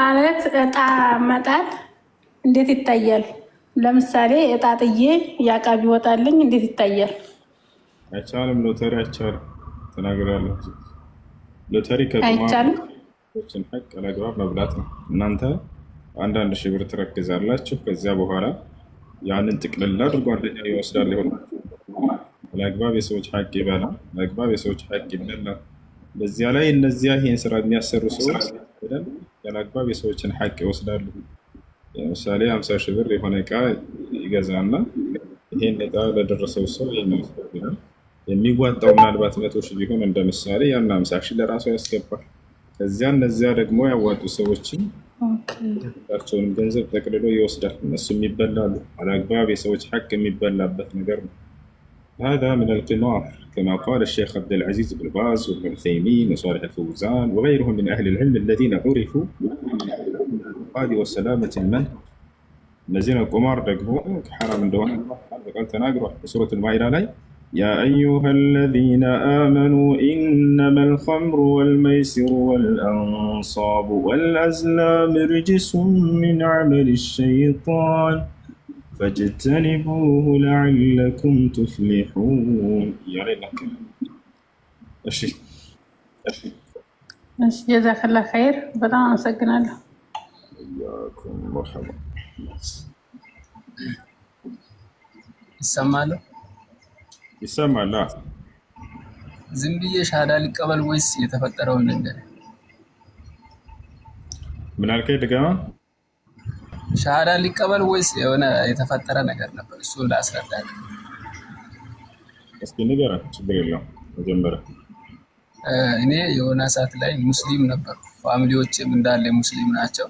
ማለት እጣ መጣል እንዴት ይታያል? ለምሳሌ እጣ ጥዬ የአቃቢ ይወጣልኝ እንዴት ይታያል? አይቻልም። ሎተሪ አይቻልም። ተናግራለሁ። ሎተሪ ከቁማሮችን ሀቅ ለግባብ መብላት ነው። እናንተ አንዳንድ ሺህ ብር ትረክዛላችሁ። ከዚያ በኋላ ያንን ጥቅልል አድርጎ አንደኛ ይወስዳል። ይሆን አላግባብ የሰዎች ሀቅ ይበላል። አላግባብ የሰዎች ሀቅ ይበላል። በዚያ ላይ እነዚያ ይህን ስራ የሚያሰሩ ሰዎች ያላግባብ የሰዎችን ሀቅ ይወስዳሉ። ለምሳሌ ሀምሳ ሺህ ብር የሆነ እቃ ይገዛና ይሄን እቃ ለደረሰው ሰው ይወስዳል። የሚዋጣው ምናልባት መቶ ሺህ ቢሆን እንደ ምሳሌ ያን ሀምሳ ሺህ ለራሱ ያስገባል። ከዚያ እነዚያ ደግሞ ያዋጡ ሰዎችን ቸውንም ገንዘብ ጠቅልሎ ይወስዳል። እነሱም ይበላሉ። አላግባብ የሰዎች ሀቅ የሚበላበት ነገር ነው። هذا من القمار كما قال الشيخ عبد العزيز بن باز وابن عثيمين وصالح الفوزان وغيرهم من أهل العلم الذين عرفوا بالانتقاد وسلامة المن نزل القمار ቁማር حرام ሐራም قال በቃል ተናግሯል سوره المائده علي يا أيها الذين آمنوا إنما الخمر والميسر والأنصاب والأزلام رجس من عمل الشيطان فاجتنبوه لعلكم تفلحون يا ريتك اشي اشي اشي جزاك الله خير بدا نسكن الله حياكم مرحبا يسمع له يسمع لا ዝም ብዬ ሻዳ أول ويس የተፈጠረውን ነገር ምን አልከኝ ድገማ ሻሃዳ ሊቀበል ወይስ የሆነ የተፈጠረ ነገር ነበር? እሱ ላስረዳ። እስኪ ንገረ። ችግር የለው መጀመሪያ እኔ የሆነ ሰዓት ላይ ሙስሊም ነበር፣ ፋሚሊዎችም እንዳለ ሙስሊም ናቸው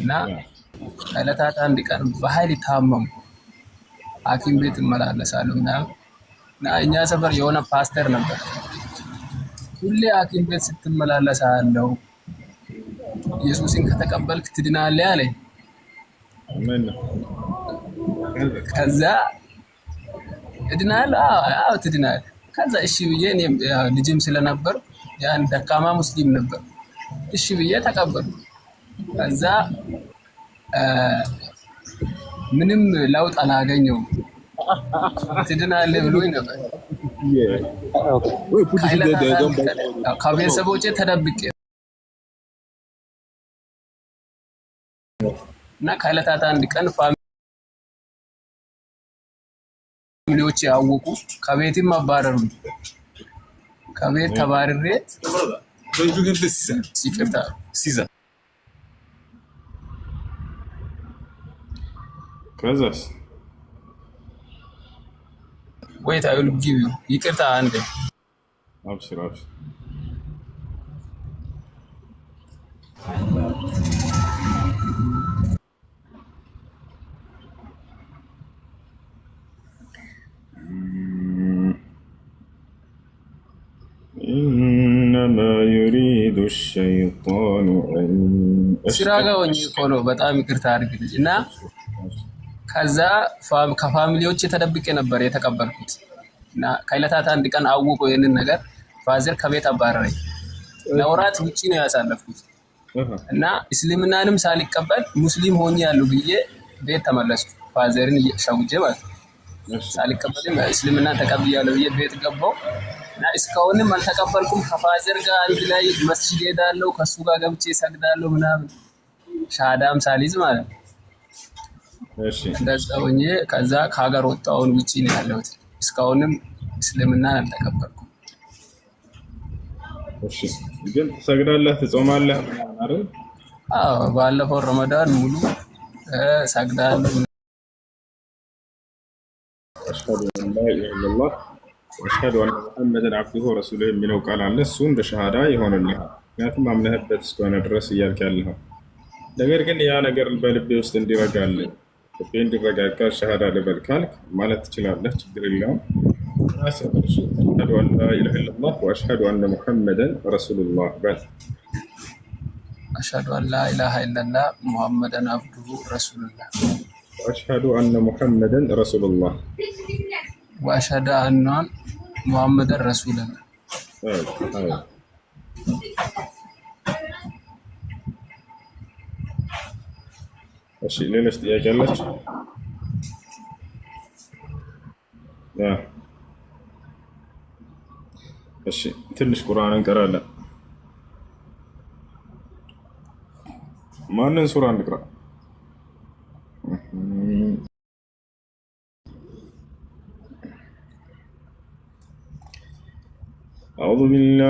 እና ከዕለታት አንድ ቀን በሀይል ታመሙ። ሐኪም ቤት እመላለሳለሁ ምናምን እና እኛ ሰፈር የሆነ ፓስተር ነበር፣ ሁሌ ሐኪም ቤት ስትመላለሳለሁ ኢየሱስን ከተቀበልክ ትድናለህ አለኝ። ከዛ እድናል አዎ ትድናል። ከዛ እሺ ብዬ እኔም ልጅም ስለነበር ያን ደካማ ሙስሊም ነበር። እሺ ብዬ ተቀበሉ። ከዛ ምንም ለውጥ አላገኘውም። ትድናለህ ብሎኝ ነበር። ከቤተሰቦቼ ተደብቄ እና ከዕለታት አንድ ቀን ፋሚሊዎች ያወቁ ከቤትም አባረሩ። ከቤት ተባርሬ ይቅርታ ሲዛ ከዛስ ወይት አይል ጊቭ ይቅርታ አንድ አብሽር አብሽር ኢነማ ዩሪዱ ሸይጣኑ ስራ ጋር ሆኜ እኮ ነው። በጣም ይቅርታ አድርግልኝ እና ከዛ ከፋሚሊዎች ተደብቄ ነበር የተቀበልኩት እና ከዕለታት አንድ ቀን አውቆ ይህንን ነገር ፋዘር ከቤት አባረረኝ። ለወራት ውጭ ነው ያሳለፍኩት እና እስልምናንም ሳልቀበል ሙስሊም ሆኜ ያሉ ብዬ ቤት ተመለስኩ። ፋዘርን ሸውጄ ማለት ነው። ሳልቀበልም እስልምናን ተቀብያለሁ ብዬ ቤት ገባው። እስካሁንም አልተቀበልኩም። ከፋዘር ጋር አንድ ላይ መስጂድ ሄዳለሁ፣ ከሱ ጋር ገብቼ ሰግዳለሁ ምናምን ሻዳም ሳሊዝ ማለት ነው። እንደዛ ሆኜ ከዛ ከሀገር ወጣውን ውጭ ነው ያለሁት። እስካሁንም እስልምናን አልተቀበልኩም። ግን ሰግዳለህ፣ ትጾማለህ ባለፈው ረመዳን ሙሉ ሰግዳለሁ። አሽሀዱ አነ ሙሐመድን አብዱሁ ረሱሉ የሚለው ቃል አለ። እሱን በሸሃዳ ይሆንልሃል፣ ምክንያቱም አምነህበት እስከሆነ ድረስ እያልክ ያለኸው ነገር ግን ያ ነገር በልቤ ውስጥ እንዲረጋልኝ ልቤ እንዲረጋጋ ሸሃዳ ልበል ካልክ ማለት ትችላለህ፣ ችግር የለውም። አሽሀዱ አን ላኢላሀ ኢለላህ ወአሽሀዱ አነ ሙሐመደን ረሱሉላህ በል። አሽሀዱ አን ላኢላሀ ኢለላህ ሙሐመደን አብዱሁ ረሱሉላህ ወአሽሀዱ አነ ሙሐመደን ረሱሉላህ ወአሽሀዱ አኗን ሙሐመድን ረሱልን እሺ ሌሎች ጥያቄ አለች? እሺ ትንሽ ቁርአን እንቀራለን። ማንን ሱራ እንቅራ?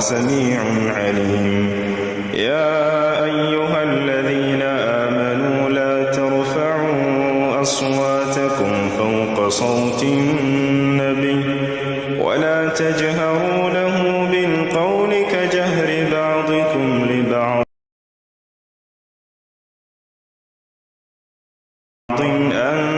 سميع عليم يا أيها الذين آمنوا لا ترفعوا أصواتكم فوق صوت النبي ولا تجهروا له بالقول كجهر بعضكم لبعض أن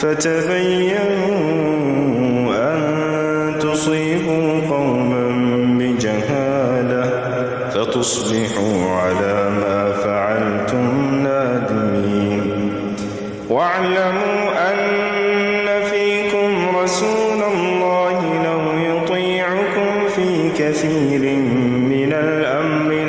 فتبينوا أن تصيبوا قوما بجهالة فتصبحوا على ما فعلتم نادمين واعلموا أن فيكم رسول الله لو يطيعكم في كثير من الأمر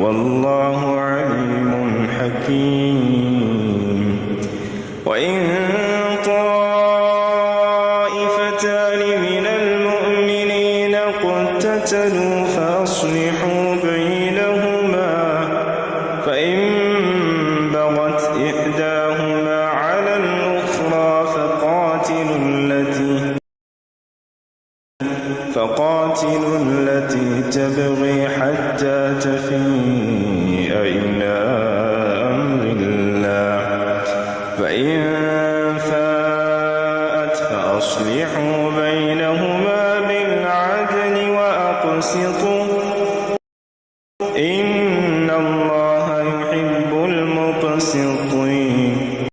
والله عليم حكيم وإن طائفتان من المؤمنين اقتتلوا فأصلحوا بينهما فإن بغت إحداهما على الأخرى فقاتلوا التي فقاتلوا التي تبغي حتى تفيد